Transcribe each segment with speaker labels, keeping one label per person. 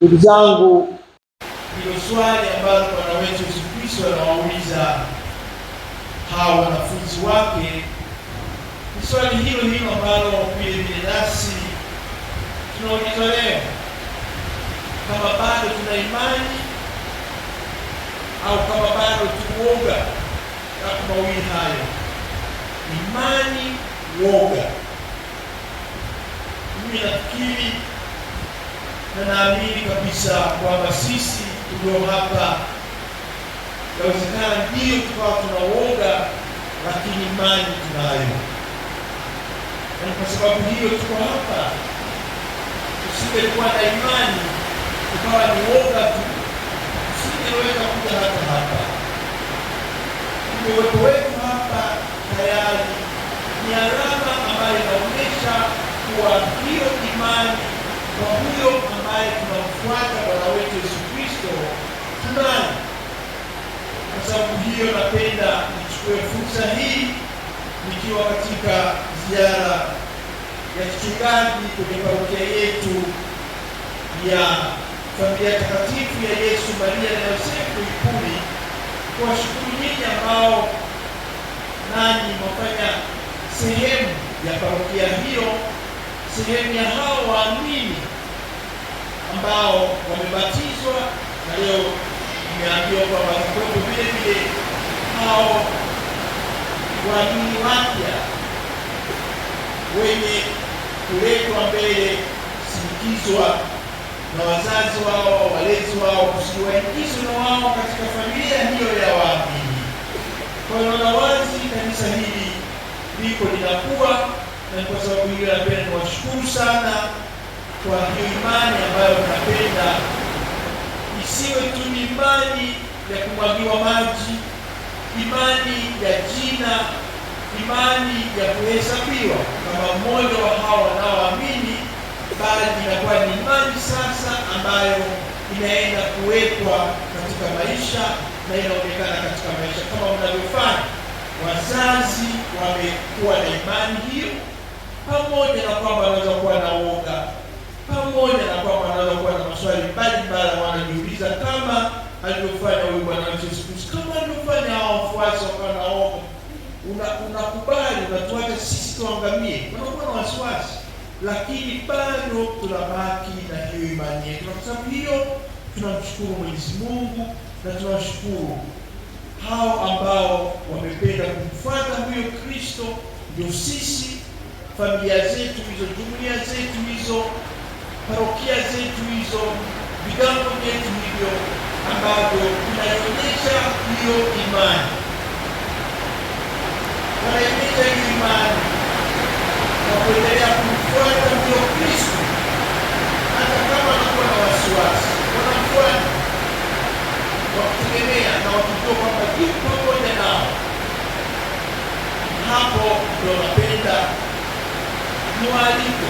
Speaker 1: Ndugu zangu, hilo swali ambalo Bwana wetu Yesu Kristo anawauliza hawa wanafunzi wake ni swali hilo hilo ambalo vile vile nasi tunauliza leo, kama bado tuna imani au kama bado tuuoga na mawili hayo, imani, woga. Mimi nafikiri na naamini kabisa kwamba sisi tulio hapa yawezekana ndiyo tukawa tunawoga lakini imani tunayo, na kwa sababu hiyo tuko hapa. Tusingekuwa na imani tukawa ni uoga tu, tusingeweza kuja hata hapa. Uwepo wetu hapa tayari ni alama ambayo inaonyesha kuwa hiyo imani kwa huyo ambaye tunamfuata Bwana wetu Yesu Kristo tunani Kwa sababu hiyo, napenda nichukue fursa hii nikiwa katika ziara ya kichungaji kwenye parokia yetu ya familia takatifu ya Yesu Maria na Yosefu Ikumi, kwa shukuru nyingi ambao nani mafanya sehemu ya parokia hiyo sehemu ya hao waamini ambao wamebatizwa na leo imeambiwa kwamba kidogo vile vile hao waamini wapya wenye kuletwa mbele kusindikizwa na wazazi wao, walezi wao, kusiwaingizwa na wao katika familia hiyo ya waamini. Kwa hiyo naona wazi kanisa hili liko linakuwa na kwa sababu hiyo napenda niwashukuru sana kwa imani ambayo mnapenda, isiwe tu imani ya kumwagiwa maji, imani ya jina, imani ya kuhesabiwa kama mmoja wa hao wanaoamini, bali inakuwa ni imani sasa ambayo inaenda kuwekwa katika maisha na inaonekana katika maisha kama mnavyofanya. Wazazi wamekuwa na imani hiyo pamoja na kwamba anaweza kuwa na uoga, pamoja na kwamba anaweza kuwa na maswali mbalimbali wanajiuliza, kama alivyofanya huyu Bwana Yesu kama alivyofanya hao wafuasi wakawa na uoga. Unakubali una unatuacha sisi tuangamie, unakuwa na wasiwasi, lakini bado tunabaki na hiyo imani yetu, na kwa sababu hiyo tunamshukuru Mwenyezi Mungu na tunashukuru hao ambao wamependa kumfuata huyo Kristo, ndio sisi familia zetu hizo, jumuiya zetu hizo, parokia zetu hizo, vigango vyetu hivyo ambavyo vinaonyesha hiyo imani, wanaonyesha hiyo imani kwa kuendelea kumfuata ndio Kristo, hata kama anakuwa na wasiwasi, wanamfuata wakitegemea na wakijua kwamba yupo niwaalike,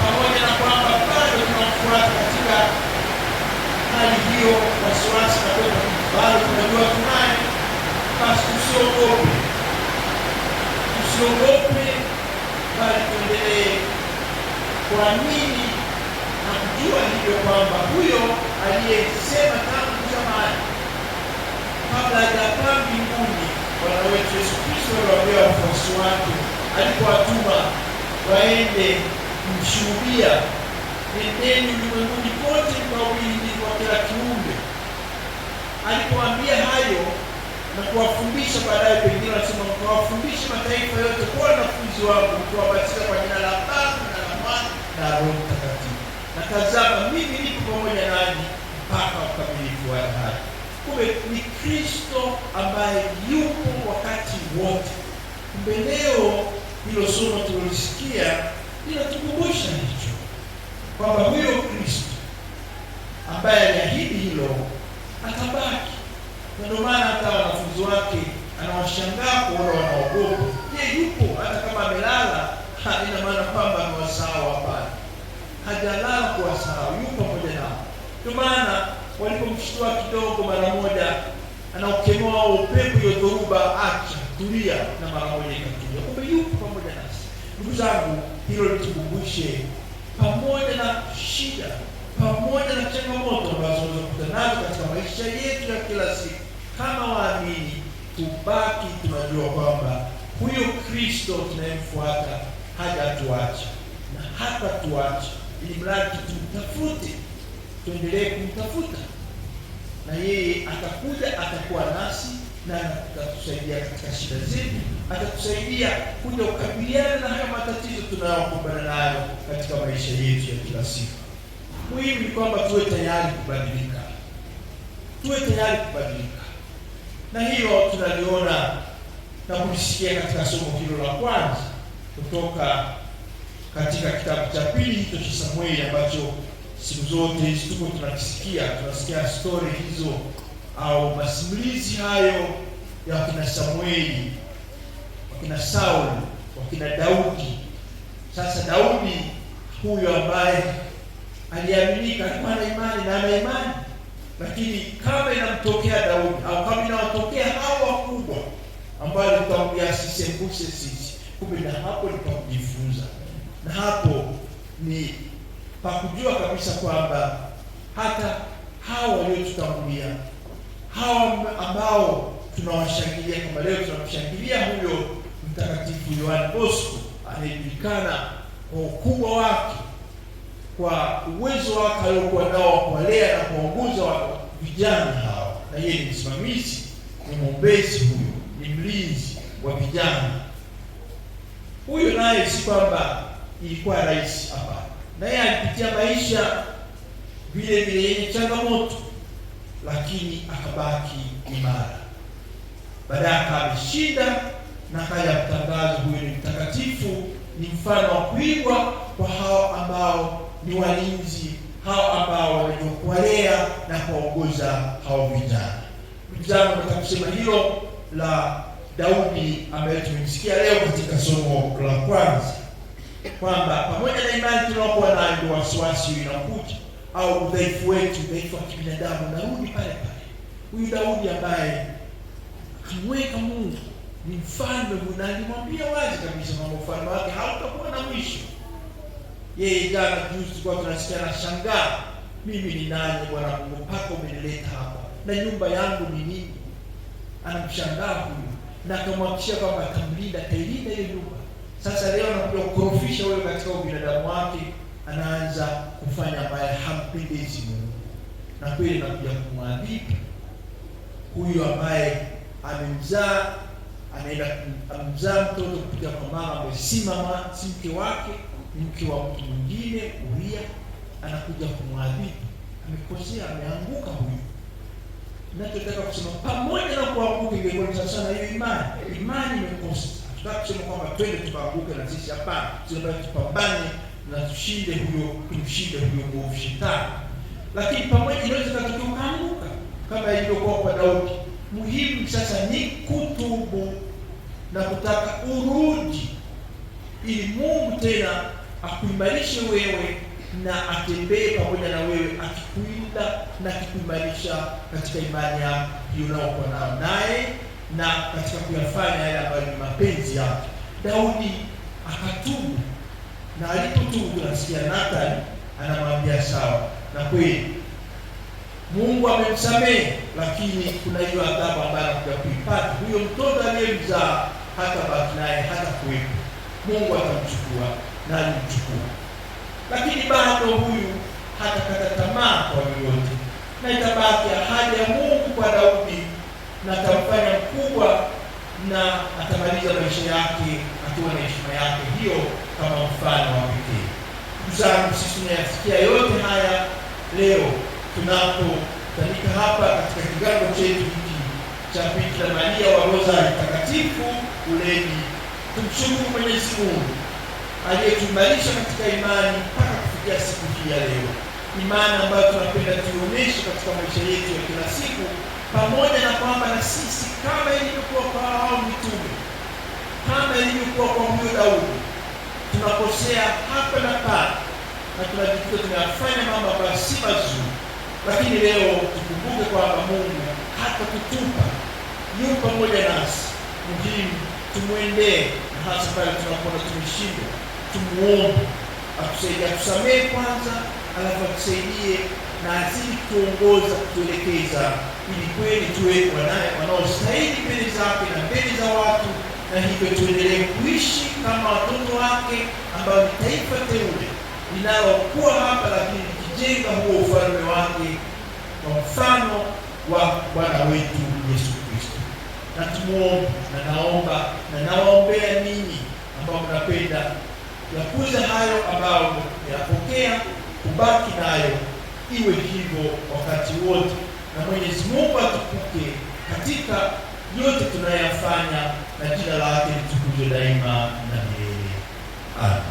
Speaker 1: pamoja na kwamba bado tunamfuata katika hali hiyo, wasiwasi nadoa, bado tunajua tunaye, basi tusiogope, tusiogope, bali tuendelee nini? na kujua hivyo kwamba huyo aliyesema tangu zamani kabla hajapaa mbinguni, Bwana wetu Yesu Kristo aliwaambia wafuasi wake alipowatuma waende kumshuhudia, nendeni ulimwenguni kote mkahubiri kwa kila kiumbe. Alipoambia hayo na kuwafundisha, baadaye pengine wanasema mkawafundishe mataifa yote kuwa wanafunzi wangu, mkiwabatiza kwa jina la Baba na la Mwana na Roho Mtakatifu, na tazama mimi lipo pamoja nanyi mpaka ukamilifu wa dahari. Kumbe ni Kristo ambaye yupo wakati wote. Kumbe leo hilo somo tulisikia linatukumbusha hicho kwamba huyo Kristo ambaye aliahidi hilo atabaki, na ndio maana hata wanafunzi wake anawashangaa kuona wanaogopa. Je, yupo hata kama amelala? Ina maana kwamba amewasahau? Hapana, hajalala kuwasahau, yupo pamoja nao. Ndio maana walipomshtua kidogo, mara moja anaokemoa upepo, hiyo dhoruba, acha kuhudhuria na mara moja ikakuja, kumbe yuko pamoja nasi. Ndugu zangu, hilo litukumbushe, pamoja na shida, pamoja na changamoto ambazo tunazokuta nazo katika maisha yetu ya kila siku, kama waamini tubaki tunajua kwamba huyo Kristo tunayemfuata hajatuacha na hata tuache, ili mradi tumtafute, tuendelee kumtafuta na yeye atakuja, atakuwa nasi na atatusaidia katika shida zetu, atatusaidia kuja kukabiliana na hayo matatizo tunayokumbana nayo katika maisha yetu ya kila siku. Muhimu ni kwamba tuwe tayari kubadilika, tuwe tayari kubadilika, na hiyo tunaliona na kulisikia katika somo hilo la kwanza kutoka katika kitabu cha pili hicho cha Samueli ambacho siku zote tuko tunakisikia, tunasikia stori hizo au masimulizi hayo ya wakina Samueli, wakina Sauli, wakina Daudi. Sasa Daudi huyo ambaye aliaminika alikuwa na imani na ana imani, lakini kama inamtokea Daudi au kama inawatokea hao wakubwa ambao nitaambia sisembuse sisi, kumbe na hapo ni na hapo ni pakujua kabisa kwamba hata hao waliotutangulia hawa ambao tunawashangilia kama leo tunamshangilia huyo Mtakatifu Yohane Bosco anayejulikana kwa ukubwa wake, kwa uwezo wake aliokuwa nao wa kuwalea na kuwaongoza vijana hawa, na yeye ni msimamizi, ni mwombezi, huyo ni mlinzi wa vijana. Huyo naye si kwamba ilikuwa rahisi, hapana, naye alipitia maisha vile vile yenye changamoto lakini akabaki imara. Baadaye akalishinda na kaja kutangaza huyu ni mtakatifu, ni mfano wa kuigwa kwa hao ambao ni walinzi, hao ambao wanajua kuwalea na kuwaongoza hao vijana. Vijana, nataka kusema hilo la Daudi ambaye tumemsikia leo katika somo la kwanza kwamba pamoja na imani tunaokuwa nayo, ndio wasiwasi inakuja au udhaifu wetu, udhaifu wa kibinadamu, narudi pale pale. Huyu Daudi ambaye kimweka Mungu ni mfalme na alimwambia wazi kabisa kwamba ufalme wake hautakuwa na mwisho. Yeye jana juzi kwa tunasikia na shangaa, mimi ni nani Bwana Mungu mpaka umenileta hapa na nyumba yangu ni nini? Anamshangaa huyu na akamwakishia kwamba atamlinda, atailinda ile nyumba. Sasa leo anakuja kukorofisha wewe katika ubinadamu wake anaanza kufanya ambaye hampendezi Mungu, na kweli nakuja kumwadhibu huyu ambaye amemzaa, anaenda amemzaa mtoto kupitia kwa mama ambaye si mama, si mke wake, mke wa mtu mwingine, Uria, anakuja kumwadhibu. Amekosea, ameanguka huyu. Nachotaka kusema pamoja na kuanguka, ingekuwa sana hiyo imani, imani imekosa. Tunataka kusema kwamba twende tukaanguke na sisi? Hapana, tunataka tupambane na tushinde huyo tumshinde huyo mwovu shetani, lakini pamoja inaweza tukakiukanuka kama ilivyokuwa kwa Daudi. Muhimu sasa ni kutubu na kutaka urudi, ili Mungu tena akuimarishe wewe na atembee pamoja na wewe akikuinda na akikuimarisha katika imani yako unayokuwa nao naye na katika kuyafanya yale ambayo ni mapenzi yake. Daudi akatubu na alipotubu nafsi Nathan anamwambia sawa, na kweli Mungu amemsamehe, lakini kuna hiyo adhabu ambayo anakuja kuipata. Huyo mtoto aliyemzaa hata baki naye hata kuwepo, Mungu atamchukua na alimchukua, lakini bado huyu hatakata tamaa kwa yoyote, na itabaki ahadi ya Mungu kwa Daudi na atamfanya mkubwa na atamaliza maisha yake akiwa na heshima yake hiyo kama mfano wa pekee. Ndugu zangu, sisi tunayasikia yote haya leo tunapokutanika hapa katika kigango chetu hiki cha Bikira Maria wa Rozari Takatifu uleni Tumshukuru Mwenyezi Mungu aliyetuimarisha katika imani mpaka kufikia siku hii ya leo, imani ambayo tunapenda tuioneshe katika maisha yetu ya kila siku, pamoja na kwamba na sisi kama ilivyokuwa kwa hao mitume, kama ilivyokuwa kwa huyo Daudi tunakosea hapa na pale na tunajikuta tunafanya mambo ambayo si mazuri, lakini leo tukumbuke kwamba Mungu hata kutupa yuko pamoja nasi. Muhimu tumwendee, na hasa pale tunakona tumeshindwa, tumuombe atusaidie, atusamehe kwanza, alafu atusaidie na azidi kutuongoza, kutuelekeza, ili kweli tuwe wanaye wanaostahili mbele zake na mbele za watu na hivyo tuendelee kuishi kama watoto wake ambao ni taifa teule linalokuwa hapa, lakini likijenga huo ufalme wake kwa mfano wa Bwana wetu Yesu Kristo. Na tumuombe na naomba na nawaombea ninyi ambao mnapenda yakuza hayo ambayo yapokea, kubaki nayo, iwe hivyo wakati wote, na Mwenyezi Mungu atukuke katika yote tunayafanya, na jina lake litukuzwe daima na milele. Amen.